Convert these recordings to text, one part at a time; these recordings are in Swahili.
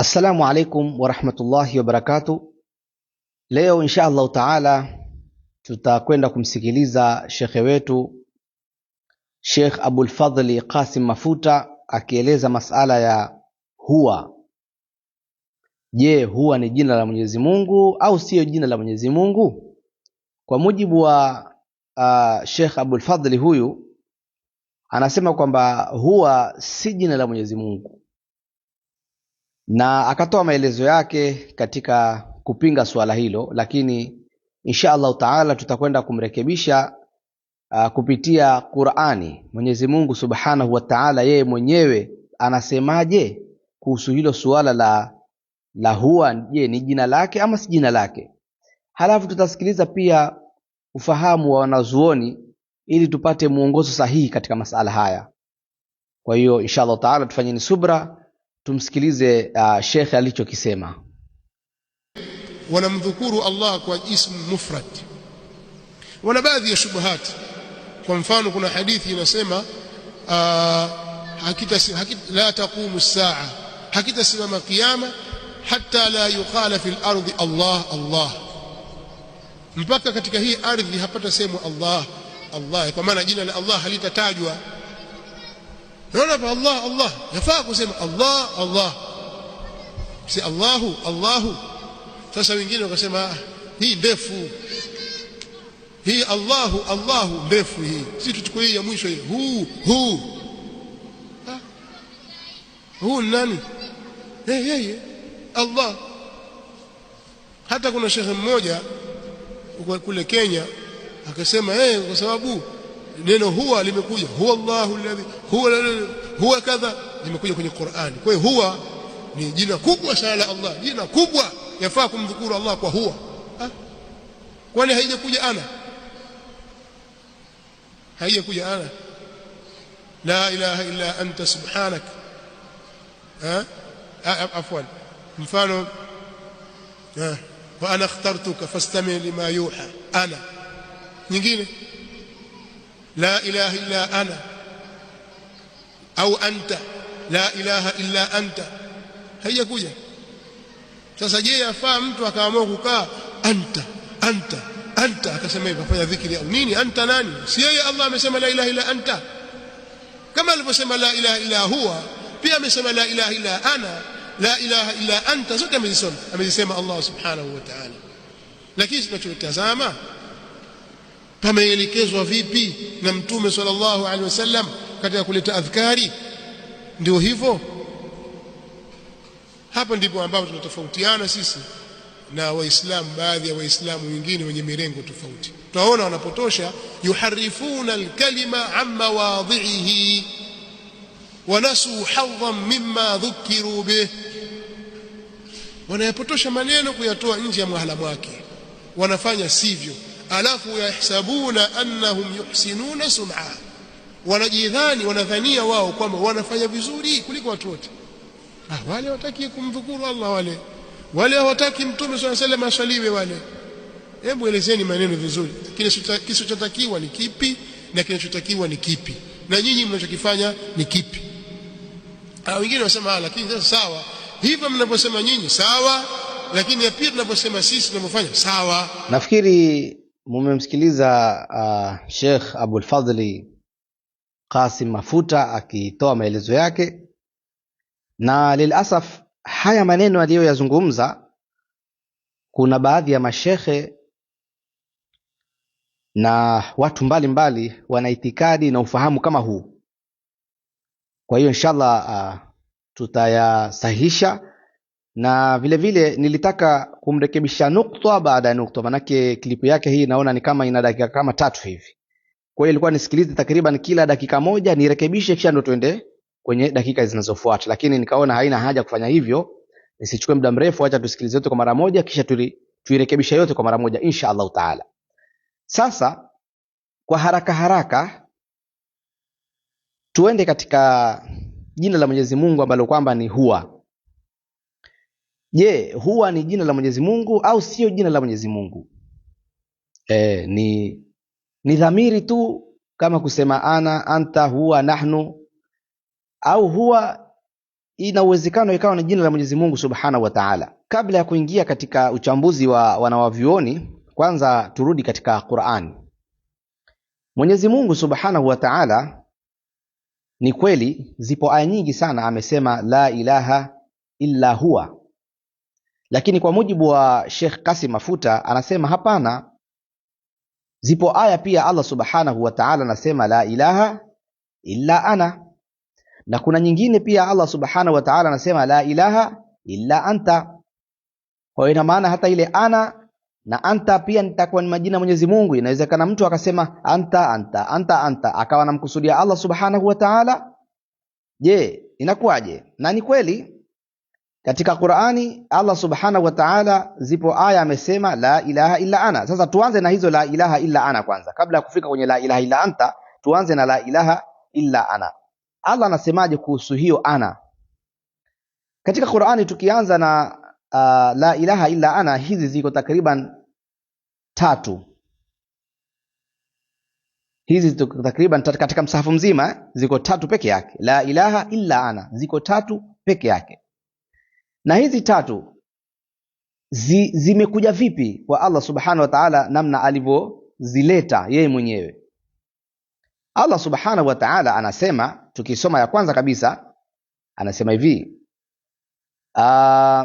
Assalamu alaikum warahmatullahi wabarakatu Leo insha allahu taala tutakwenda kumsikiliza shekhe wetu Sheikh Abulfadhli Qasim Mafuta akieleza masala ya huwa. Je, huwa ni jina la Mwenyezi Mungu au siyo jina la Mwenyezi Mungu? Kwa mujibu wa uh, Sheikh Abulfadhli huyu anasema kwamba huwa si jina la Mwenyezi Mungu na akatoa maelezo yake katika kupinga suala hilo, lakini insha Allahu taala tutakwenda kumrekebisha uh, kupitia Qur'ani. Mwenyezi Mungu Subhanahu wa Ta'ala yeye mwenyewe anasemaje kuhusu hilo suala la la huwa? Je, ni jina lake ama si jina lake? Halafu tutasikiliza pia ufahamu wa wanazuoni ili tupate mwongozo sahihi katika masala haya. Kwa hiyo insha Allahu taala tufanyeni subra Tumsikilize uh, shekhe alichokisema. Wanamdhukuru Allah kwa ism mufrad, wana baadhi ya shubuhati. Kwa mfano, kuna hadithi inasema uh, hakita, hakita, la taqumu saa, hakitasimama kiyama hata la yuqala fil lardhi Allah Allah, mpaka katika hii ardhi hapata sehemu Allah Allah, kwa maana jina la Allah halitatajwa naona hapa Allah Allah yafaa kusema Allah Allah si Allahu Allahu sasa wengine wakasema ah, hii ndefu hii Allahu Allahu ndefu hii si tuchukue hii ya mwisho hii huu huu huu nani yeye yeye Allah hata kuna shekhe mmoja kule Kenya akasema yeye eh, kwa sababu neno huwa limekuja huwa Allahu alladhi huwa huwa kadha limekuja kwenye Qur'ani. Kwa hiyo huwa ni jina kubwa sana la Allah, jina kubwa, yafaa kumdhukuru Allah kwa huwa. Kwani haijakuja ana? Haijakuja ana. La ilaha illa anta subhanak. Ha? Afwan, mfano wa ana ikhtartuka fastami lima yuha ana, nyingine لا إله إلا أنا أو أنت لا إله إلا أنت هيا كوجة تسجيه فام توكا موكا أنت أنت أنت كسمي بفايا ذكري أو نيني أنت ناني سيئي الله مسمى لا إله إلا أنت كما المسمى لا إله إلا هو بيا مسمى لا إله إلا أنا لا إله إلا أنت زكا مزيسون أمزيسيما الله سبحانه وتعالى لكيس نتشل التزامة pameelekezwa vipi na mtume sallallahu alaihi wasallam katika kuleta adhkari. Ndio hivyo, hapa ndipo ambapo tunatofautiana sisi na Waislamu, baadhi ya Waislamu wengine wenye mirengo tofauti. Tunaona wanapotosha, yuharifuna alkalima an mawadhihi wanasuu hadhan mimma dhukiru bih, wanayapotosha maneno kuyatoa nje ya mwahala mwake. Wanafanya sivyo alafu yahsabuna annahum yuhsinuna sun'a wanajidhani wanadhania wao kwamba wanafanya vizuri kuliko watu wote ah, wale hawataki kumdhukuru Allah wale wale hawataki mtume swalla sallam asaliwe wale hebu elezeni maneno vizuri kisichotakiwa ni kipi na kinachotakiwa ni kipi na nyinyi mnachokifanya ni kipi ah, wengine wasema ah, lakini sasa sawa hivyo mnavyosema nyinyi sawa lakini pia tunavyosema sisi tunavyofanya sawa nafikiri mumemsikiliza uh, Sheikh Abulfadhli Qasim Mafuta akitoa maelezo yake, na lilasaf haya maneno aliyoyazungumza, kuna baadhi ya mashekhe na watu mbalimbali wana itikadi na ufahamu kama huu. Kwa hiyo inshallah, uh, tutayasahihisha na vile vile nilitaka kumrekebisha nukta baada ya nukta, manake klipu yake hii naona ni kama ina dakika kama tatu hivi. Kwa hiyo ilikuwa nisikilize takriban kila dakika moja nirekebishe, kisha ndo tuende kwenye dakika zinazofuata, lakini nikaona haina haja kufanya hivyo, nisichukue muda mrefu, acha tusikilize yote kwa mara moja, kisha tuirekebishe yote kwa mara moja insha allah taala. Sasa kwa haraka haraka tuende katika jina la Mwenyezi Mungu ambalo kwamba ni huwa je huwa ni jina la mwenyezi mungu au sio jina la mwenyezi mungu e, ni ni dhamiri tu kama kusema ana anta huwa nahnu au huwa ina uwezekano ikawa ni jina la mwenyezi mungu subhanahu wa taala kabla ya kuingia katika uchambuzi wa wanawavyuoni kwanza turudi katika qurani mwenyezi mungu subhanahu wa taala ni kweli zipo aya nyingi sana amesema la ilaha illa huwa lakini kwa mujibu wa Sheikh Kasim Mafuta anasema hapana, zipo aya pia Allah subhanahu wa ta'ala anasema la ilaha illa ana, na kuna nyingine pia Allah subhanahu wa ta'ala anasema la ilaha illa anta. Kwa hiyo ina maana hata ile ana na anta pia nitakuwa ni majina Mwenyezi Mungu. Inawezekana mtu akasema anta anta anta anta akawa namkusudia Allah subhanahu wa ta'ala. Je, inakuwaje? Na ni kweli katika Qur'ani Allah subhanahu wa ta'ala zipo aya amesema la ilaha illa ana. Sasa tuanze na hizo la ilaha illa ana kwanza, kabla ya kufika kwenye la ilaha illa anta, tuanze na la ilaha illa ana. Allah anasemaje kuhusu hiyo ana? Katika Qur'ani tukianza na uh, la ilaha illa ana, hizi ziko takriban tatu. Hizi ziko takriban tatu katika msahafu mzima, eh, ziko tatu peke yake. La ilaha illa ana, ziko tatu peke yake na hizi tatu zi, zimekuja vipi kwa Allah subhanahu wa ta'ala, namna alivyozileta yeye mwenyewe. Allah subhanahu wa ta'ala anasema, tukisoma ya kwanza kabisa anasema hivi uh,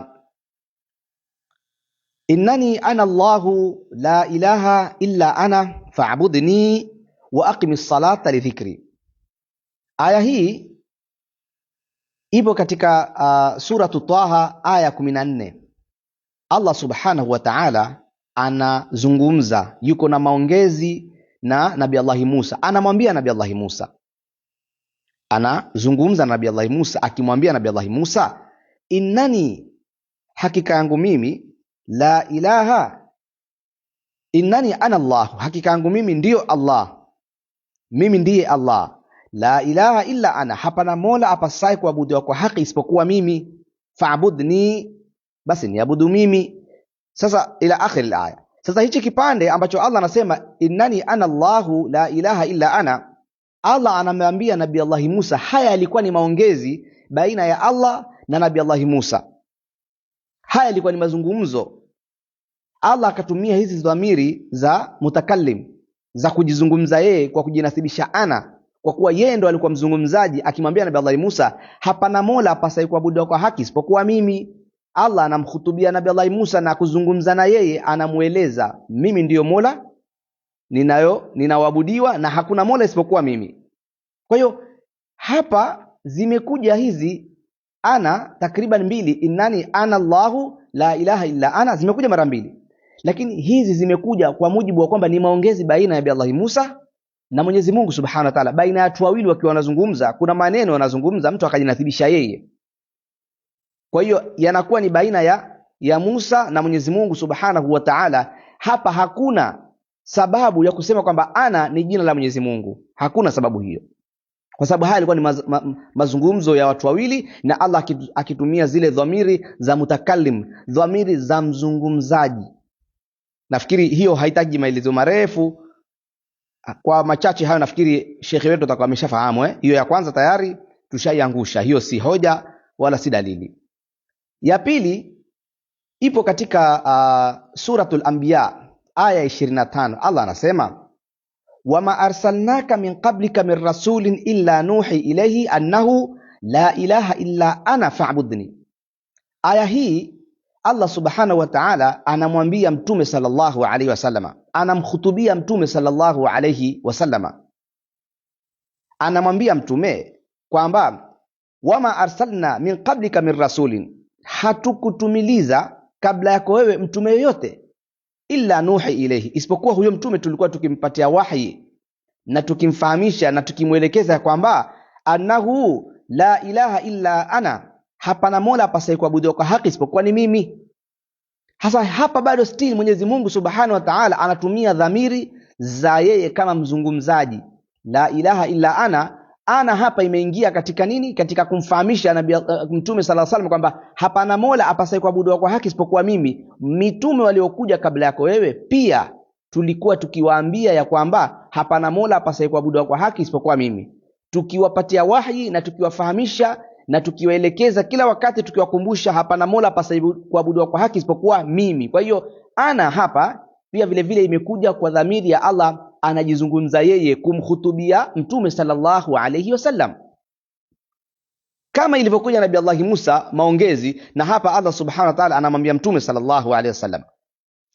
innani ana Allahu la ilaha illa ana fa'budni wa aqimis salata lidhikri. Aya hii Hivyo katika uh, suratu Taha aya kumi na nne Allah subhanahu wa taala anazungumza, yuko na maongezi na nabi Allahi Musa, anamwambia nabi Allahi Musa, anazungumza na nabi Allahi Musa akimwambia nabi Allahi Musa, innani, hakika yangu mimi, la ilaha innani ana Allahu, hakika yangu mimi ndiyo Allah, mimi ndiye Allah la ilaha illa ana, hapana mola apasaye kuabudiwa kwa haki isipokuwa mimi, faabudni, basi niabudu mimi. Sasa ila akhir alaya. Sasa hichi kipande ambacho Allah anasema innani ana Allahu la ilaha illa ana, Allah anamwambia Nabii Allah Musa, haya yalikuwa ni maongezi baina ya Allah na Nabii Allah Musa, haya yalikuwa ni mazungumzo. Allah akatumia hizi dhamiri za mutakallim za kujizungumza yeye kwa kujinasibisha ana kwa kuwa yeye ndo alikuwa mzungumzaji akimwambia Nabii Allah Musa, hapana mola apasai kuabudiwa kwa haki isipokuwa mimi. Allah anamhutubia Nabii Allah Musa na kuzungumza na yeye, anamweleza mimi ndiyo mola ninayo ninawabudiwa na hakuna mola isipokuwa mimi. Kwa hiyo hapa zimekuja hizi ana takriban mbili, innani ana Allahu la ilaha illa ana, zimekuja mara mbili, lakini hizi zimekuja kwa mujibu wa kwamba ni maongezi baina ya Nabii Allah Musa na Mwenyezi Mungu Subhanahu wa Ta'ala, baina ya watu wawili wakiwa wanazungumza, kuna maneno wanazungumza, mtu akajinadhibisha yeye. Kwa hiyo yanakuwa ni baina ya ya Musa na Mwenyezi Mungu Subhanahu wa Ta'ala. Hapa hakuna sababu ya kusema kwamba ana ni jina la Mwenyezi Mungu, hakuna sababu hiyo, kwa sababu haya yalikuwa ni maz, ma, mazungumzo ya watu wawili, na Allah akitumia zile dhamiri za mutakallim, dhamiri za mzungumzaji. Nafikiri hiyo haitaji maelezo marefu. Kwa machache hayo nafikiri shekhe wetu atakuwa ameshafahamu eh? Hiyo ya kwanza tayari tushaiangusha, hiyo si hoja wala si dalili. Ya pili ipo katika uh, suratul anbiya aya ya 25 Allah anasema wama arsalnaka min qablika min rasulin illa nuhi ilayhi annahu la ilaha illa ana fa'budni. Aya hii Allah subhanahu wa ta'ala anamwambia mtume sallallahu alaihi wasallama, anamkhutubia mtume sallallahu alaihi wasallama, anamwambia mtume kwamba wama arsalna min qablika min rasulin, hatukutumiliza kabla yako wewe mtume yoyote, illa nuhi ilayhi, isipokuwa huyo mtume tulikuwa tukimpatia wahi na tukimfahamisha na tukimwelekeza kwamba annahu la ilaha illa ana hapana mola apasaye kuabudiwa kwa haki isipokuwa ni mimi hasa hapa bado still mwenyezi mungu subhanahu wa taala anatumia dhamiri za yeye kama mzungumzaji la ilaha illa ana ana hapa imeingia katika nini katika kumfahamisha nabii uh, mtume sala salam kwamba hapana mola apasaye kuabudiwa kwa haki isipokuwa mimi mitume waliokuja kabla yako wewe pia tulikuwa tukiwaambia ya kwamba hapana mola apasaye kuabudiwa kwa haki isipokuwa mimi tukiwapatia wahyi na tukiwafahamisha na tukiwaelekeza kila wakati tukiwakumbusha, hapana mola pasaibu kuabudiwa kwa haki isipokuwa mimi. Kwa hiyo ana hapa pia vile vile imekuja kwa dhamiri ya Allah, anajizungumza yeye kumhutubia Mtume sallallahu alayhi wasallam, kama ilivyokuja Nabii Allah Musa maongezi, na hapa Allah subhanahu wa ta'ala anamwambia Mtume sallallahu alayhi wasallam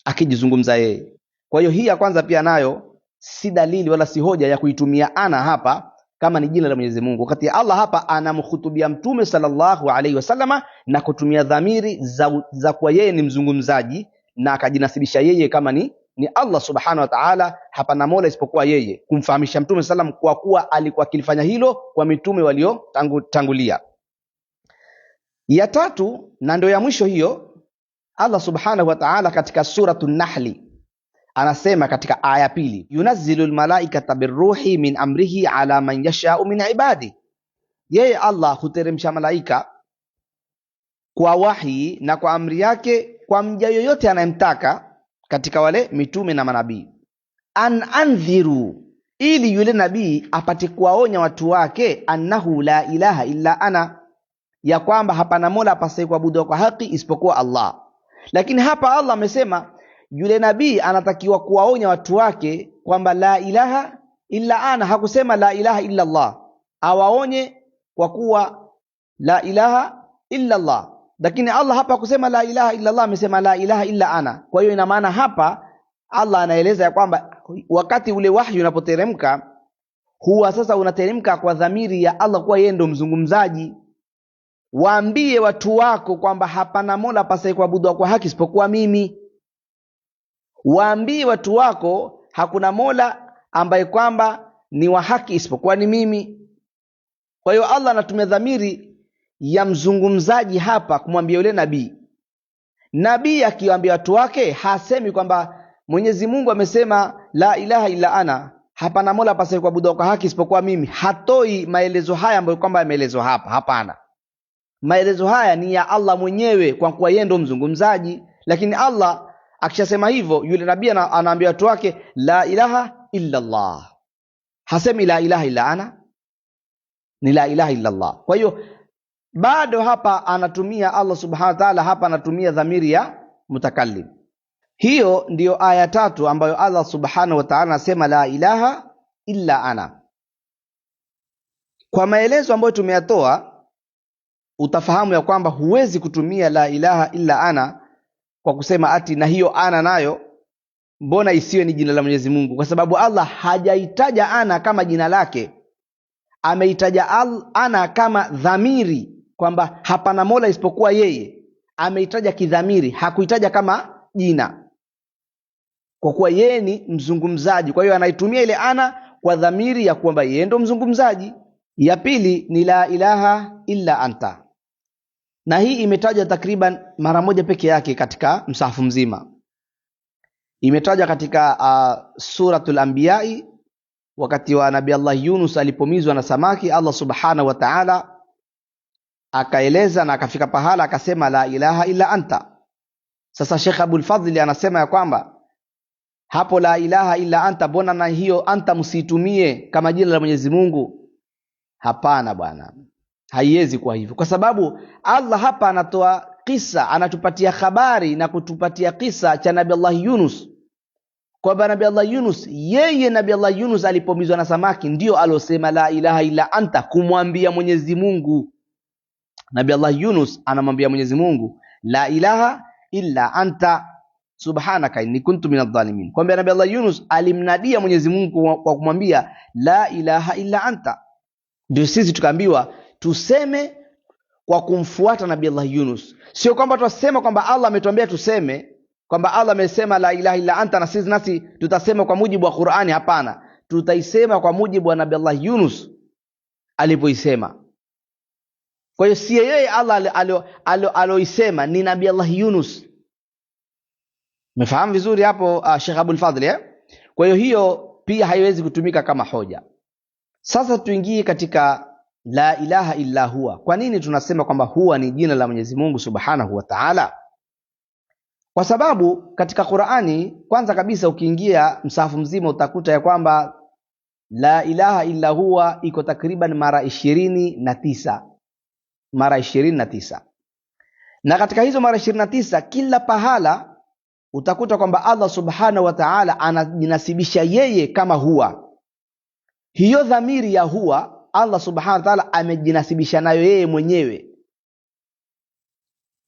akijizungumza yeye. Kwa hiyo hii ya kwanza pia nayo si dalili wala si hoja ya kuitumia ana hapa kama ni jina la Mwenyezi Mungu. Wakati Allah hapa anamhutubia Mtume sallallahu alaihi wasallama na kutumia dhamiri za, za kuwa yeye ni mzungumzaji na akajinasibisha yeye kama ni, ni Allah subhanahu wa ta'ala, hapana mola isipokuwa yeye, kumfahamisha Mtume sallam kwa kuwa alikuwa akilifanya hilo kwa mitume waliotangulia. Ya tatu na ndio ya mwisho hiyo, Allah subhanahu wa ta'ala katika suratu Nahli anasema katika aya pili, yunazzilu lmalaikata biruhi min amrihi ala man yashau min ibadi, yeye Allah huteremsha malaika kwa wahi na kwa amri yake kwa mja yoyote anayemtaka katika wale mitume na manabii. an andhiru, ili yule nabii apate kuwaonya watu wake, annahu la ilaha illa ana, ya kwamba hapana mola apasaye kuabudiwa kwa haki isipokuwa Allah. Lakini hapa Allah amesema yule nabii anatakiwa kuwaonya watu wake kwamba la ilaha illa ana, hakusema la ilaha illa Allah, awaonye kwa kuwa la ilaha illa Allah. Lakini Allah hapa hakusema la ilaha illa Allah, amesema la ilaha illa ana. Kwa hiyo ina maana hapa Allah anaeleza ya kwamba wakati ule wahyi unapoteremka huwa sasa unateremka kwa dhamiri ya Allah kuwa yeye ndo mzungumzaji. Waambie watu wako kwamba hapana mola pasaye kuabudiwa kwa haki isipokuwa mimi waambie watu wako hakuna mola ambaye kwamba ni wa haki isipokuwa ni mimi kwa hiyo allah anatumia dhamiri ya mzungumzaji hapa kumwambia yule nabii nabii akiwaambia watu wake hasemi kwamba mwenyezi mungu amesema la ilaha illa ana hapana mola pasai kuabudiwa kwa haki isipokuwa mimi hatoi maelezo haya ambayo kwamba yameelezwa hapa hapana maelezo haya ni ya allah mwenyewe kwa kuwa yeye ndo mzungumzaji lakini allah akishasema hivyo yule nabii anaambia watu wake la ilaha illa Allah hasemi la ilaha illa ana ni la ilaha illa Allah kwa hiyo bado hapa anatumia Allah subhanahu wa ta'ala hapa anatumia dhamiri ya mutakallim hiyo ndiyo aya tatu ambayo Allah subhanahu wa ta'ala anasema la ilaha illa ana kwa maelezo ambayo tumeyatoa utafahamu ya kwamba huwezi kutumia la ilaha illa ana kwa kusema ati na hiyo ana nayo mbona isiwe ni jina la Mwenyezi Mungu? Kwa sababu Allah hajaitaja ana kama jina lake, ameitaja ana kama dhamiri, kwamba hapana mola isipokuwa yeye. Ameitaja kidhamiri, hakuitaja kama jina, kwa kuwa yeye ni mzungumzaji. Kwa hiyo anaitumia ile ana kwa dhamiri ya kwamba yeye ndo mzungumzaji. Ya pili ni la ilaha illa anta na hii imetajwa takriban mara moja peke yake katika msahafu mzima imetajwa katika uh, suratul anbiyai wakati wa nabii allah yunus alipomizwa na samaki allah subhanahu wa taala akaeleza na akafika pahala akasema la ilaha illa anta sasa shekh abulfadhli anasema ya kwamba hapo la ilaha illa anta mbona na hiyo anta msiitumie kama jina la mwenyezi mungu hapana bwana haiwezi kuwa hivyo, kwa sababu Allah hapa anatoa kisa, anatupatia habari na kutupatia kisa cha Nabii Allah Yunus, kwamba Nabii Allah Yunus, yeye Nabii Allah Yunus alipomizwa na samaki ndio alosema la ilaha illa anta, kumwambia Mwenyezi Mungu. Nabii Allah Yunus anamwambia Mwenyezi Mungu la ilaha illa anta subhanaka inni kuntu minadh-dhalimin, kwamba Nabii Allah Yunus alimnadia Mwenyezi Mungu kwa kumwambia la ilaha illa anta. Ndio sisi tukaambiwa tuseme kwa kumfuata nabii Allah Yunus. Sio kwamba twasema kwamba Allah ametuambia tuseme kwamba Allah amesema la ilaha illa anta, na sisi nasi tutasema kwa mujibu wa Qur'ani. Hapana, tutaisema kwa mujibu wa nabii Allah Yunus alivyoisema. Kwa hiyo si yeye Allah aloisema, ni nabii Allah Yunus. Mefahamu vizuri hapo, uh, Sheikh Abdul Fadhli eh? Kwa hiyo hiyo pia haiwezi kutumika kama hoja. Sasa tuingie katika la ilaha illa huwa. Kwa nini tunasema kwamba huwa ni jina la Mwenyezi Mungu Subhanahu wa Ta'ala? Kwa sababu katika Qur'ani, kwanza kabisa ukiingia msahafu mzima utakuta ya kwamba la ilaha illa huwa iko takriban mara ishirini na tisa mara ishirini na tisa na katika hizo mara ishirini na tisa kila pahala utakuta kwamba Allah subhanahu wa ta'ala anajinasibisha yeye kama huwa. Hiyo dhamiri ya huwa Allah subhanahu wa ta'ala amejinasibisha nayo yeye mwenyewe,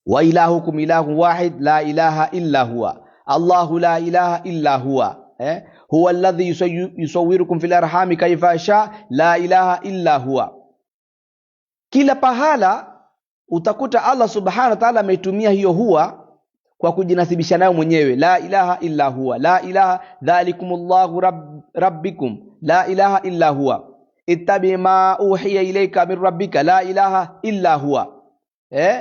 wa ilahukum ilahun wahid la ilaha illa huwa Allahu la ilaha illa huwa eh? huwa alladhi yusawwirukum fil arhami kaifa sha la ilaha illa huwa. Kila pahala utakuta Allah subhanahu wa ta'ala ametumia hiyo huwa kwa kujinasibisha nayo mwenyewe, la ilaha illa huwa, la ilaha dhalikumullahu rabb, rabbikum la ilaha illa huwa ittabi ma uhiya ilayka min rabbika la ilaha illa huwa eh?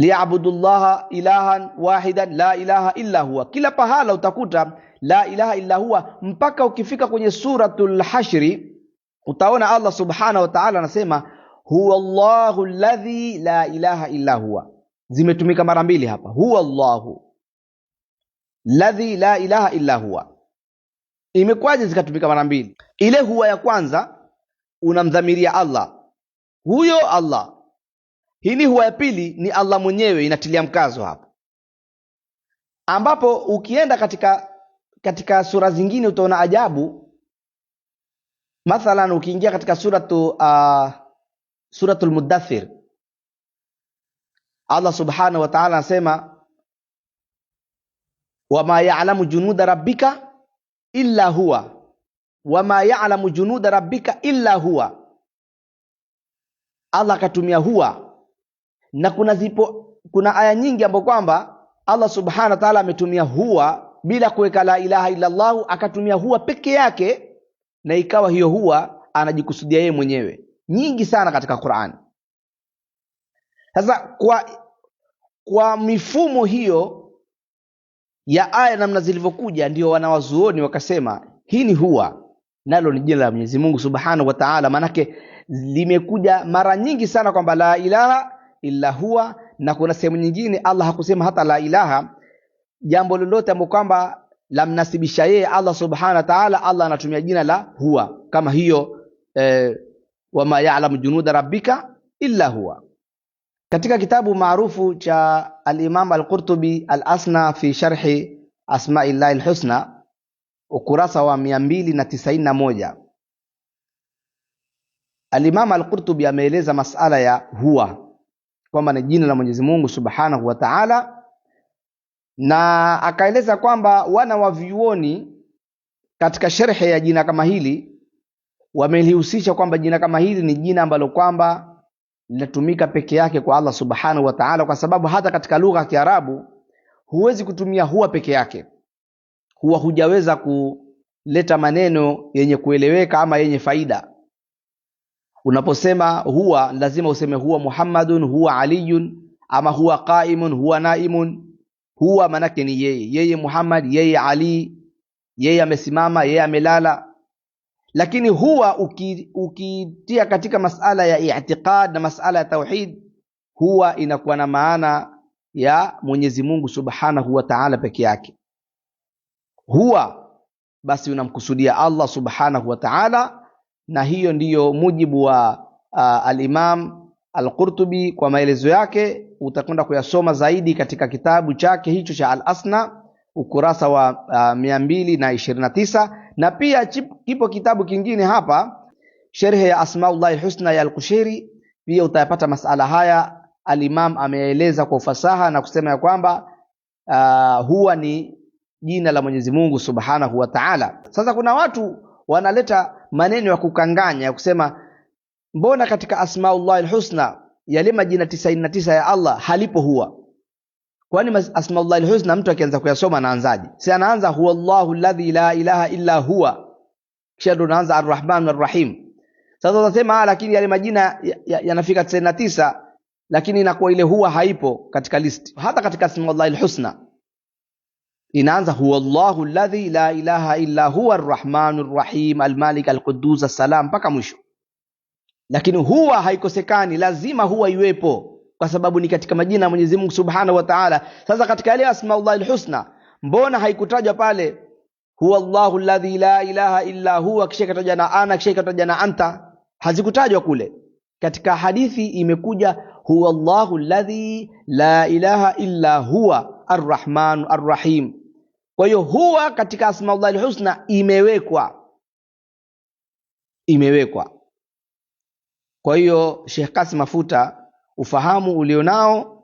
liyabudu llaha ilahan wahidan la ilaha illa huwa. Kila pahala utakuta la ilaha illa huwa, mpaka ukifika kwenye suratul Hashri utaona Allah subhanahu wa ta'ala anasema huwa llahu alladhi la ilaha illa huwa. Zimetumika mara mbili hapa, huwa llahu ladhi la ilaha illa huwa imekwaje zikatumika mara mbili? Ile huwa ya kwanza unamdhamiria Allah, huyo Allah. Hili huwa ya pili ni Allah mwenyewe, inatilia mkazo hapo, ambapo ukienda katika katika sura zingine utaona ajabu. Mathalan, ukiingia katika suratu uh, suratul Mudathir, Allah subhanahu wa ta'ala anasema, wama ya'lamu junuda rabbika illa huwa wama ya'lamu junuda rabbika illa huwa. Allah akatumia huwa, na kuna zipo, kuna aya nyingi ambapo kwamba Allah subhana wa ta'ala ametumia huwa bila kuweka la ilaha illa Allah, akatumia huwa peke yake, na ikawa hiyo huwa anajikusudia yeye mwenyewe, nyingi sana katika Qur'an. Sasa kwa, kwa mifumo hiyo ya aya namna zilivyokuja, ndio wanawazuoni wakasema hii ni huwa nalo ni jina la Mwenyezi Mungu Subhanahu wa Ta'ala, maanake limekuja mara nyingi sana kwamba la ilaha illa huwa, na kuna sehemu nyingine Allah hakusema hata la ilaha, jambo lolote ambapo kwamba lamnasibisha yeye Allah Subhanahu wa Ta'ala, Allah anatumia jina la huwa kama hiyo eh, wama ya'lamu junuda rabbika illa huwa katika kitabu maarufu cha al-Imam al-Qurtubi al-Asna fi sharhi asmaillahi al-husna ukurasa wa 291 na al-Imam al-Qurtubi ameeleza masala ya huwa kwamba ni jina la Mwenyezi Mungu Subhanahu wa Ta'ala, na akaeleza kwamba wana wa vyuoni katika sherhe ya jina kama hili wamelihusisha kwamba jina kama hili ni jina ambalo kwamba linatumika peke yake kwa Allah subhanahu wa ta'ala, kwa sababu hata katika lugha ya Kiarabu huwezi kutumia huwa peke yake, huwa hujaweza kuleta maneno yenye kueleweka ama yenye faida. Unaposema huwa, lazima useme huwa Muhammadun, huwa Aliyun, ama huwa qaimun, huwa naimun. Huwa manake ni yeye, yeye Muhammad, yeye Ali, yeye amesimama, yeye amelala lakini huwa ukitia katika masala ya i'tiqad na masala ya tauhid huwa inakuwa na maana ya Mwenyezi Mungu Subhanahu wa Ta'ala peke yake, huwa basi unamkusudia Allah Subhanahu wa Ta'ala, na hiyo ndiyo mujibu wa uh, al-Imam al-Qurtubi kwa maelezo yake, utakwenda kuyasoma zaidi katika kitabu chake hicho cha al-Asna ukurasa wa uh, 229 na pia kipo kitabu kingine hapa, sherhe ya Asmaullahi Husna ya Alkushairi, pia utayapata masala haya. Alimam ameeleza kwa ufasaha na kusema ya kwamba uh, huwa ni jina la Mwenyezi Mungu Subhanahu wa Ta'ala. Sasa kuna watu wanaleta maneno ya kukanganya ya kusema mbona katika Asmaullahi Husna yale majina 99 ya Allah halipo huwa Kwani asmaullahi lhusna mtu akianza kuyasoma anaanzaje? Si anaanza huwallahu alladhi la ilaha illa huwa, kisha ndo anaanza arrahman arrahim. Sasa utasema ah, lakini yale majina yanafika ya, ya tisa, lakini inakuwa ile huwa haipo katika list. Hata katika asmaullahi lhusna inaanza huwallahu alladhi la ilaha illa huwa arrahman arrahim almalik alquddus assalam mpaka mwisho, lakini huwa haikosekani, lazima huwa iwepo kwa sababu ni katika majina ya Mwenyezi Mungu Subhanahu wa Ta'ala. Sasa katika yale asmaullahi lhusna, mbona haikutajwa pale huwa Allahu alladhi la ilaha illa huwa, kisha ikatajwa na ana, kisha ikatajwa na anta? Hazikutajwa kule. Katika hadithi imekuja huwa Allahu alladhi la ilaha illa huwa arrahmanu arrahim. Kwa hiyo huwa katika asmaullahi lhusna imewekwa, imewekwa. Kwa hiyo Sheikh Kasim Mafuta ufahamu ulionao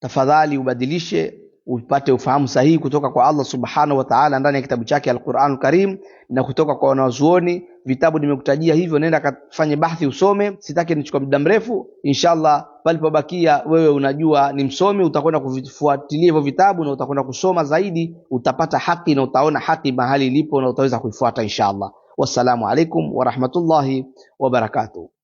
tafadhali ubadilishe upate ufahamu sahihi kutoka kwa Allah subhanahu wa ta'ala ndani ya kitabu chake Al-Qur'an Karim na kutoka kwa wanazuoni vitabu nimekutajia hivyo nenda kafanye bahthi usome sitaki nichukue muda mrefu inshallah palipobakia wewe unajua ni msomi utakwenda kufuatilia hivyo vitabu na utakwenda kusoma zaidi utapata haki na utaona haki mahali ilipo na utaweza kuifuata inshallah wassalamu alaikum wa rahmatullahi wa barakatuh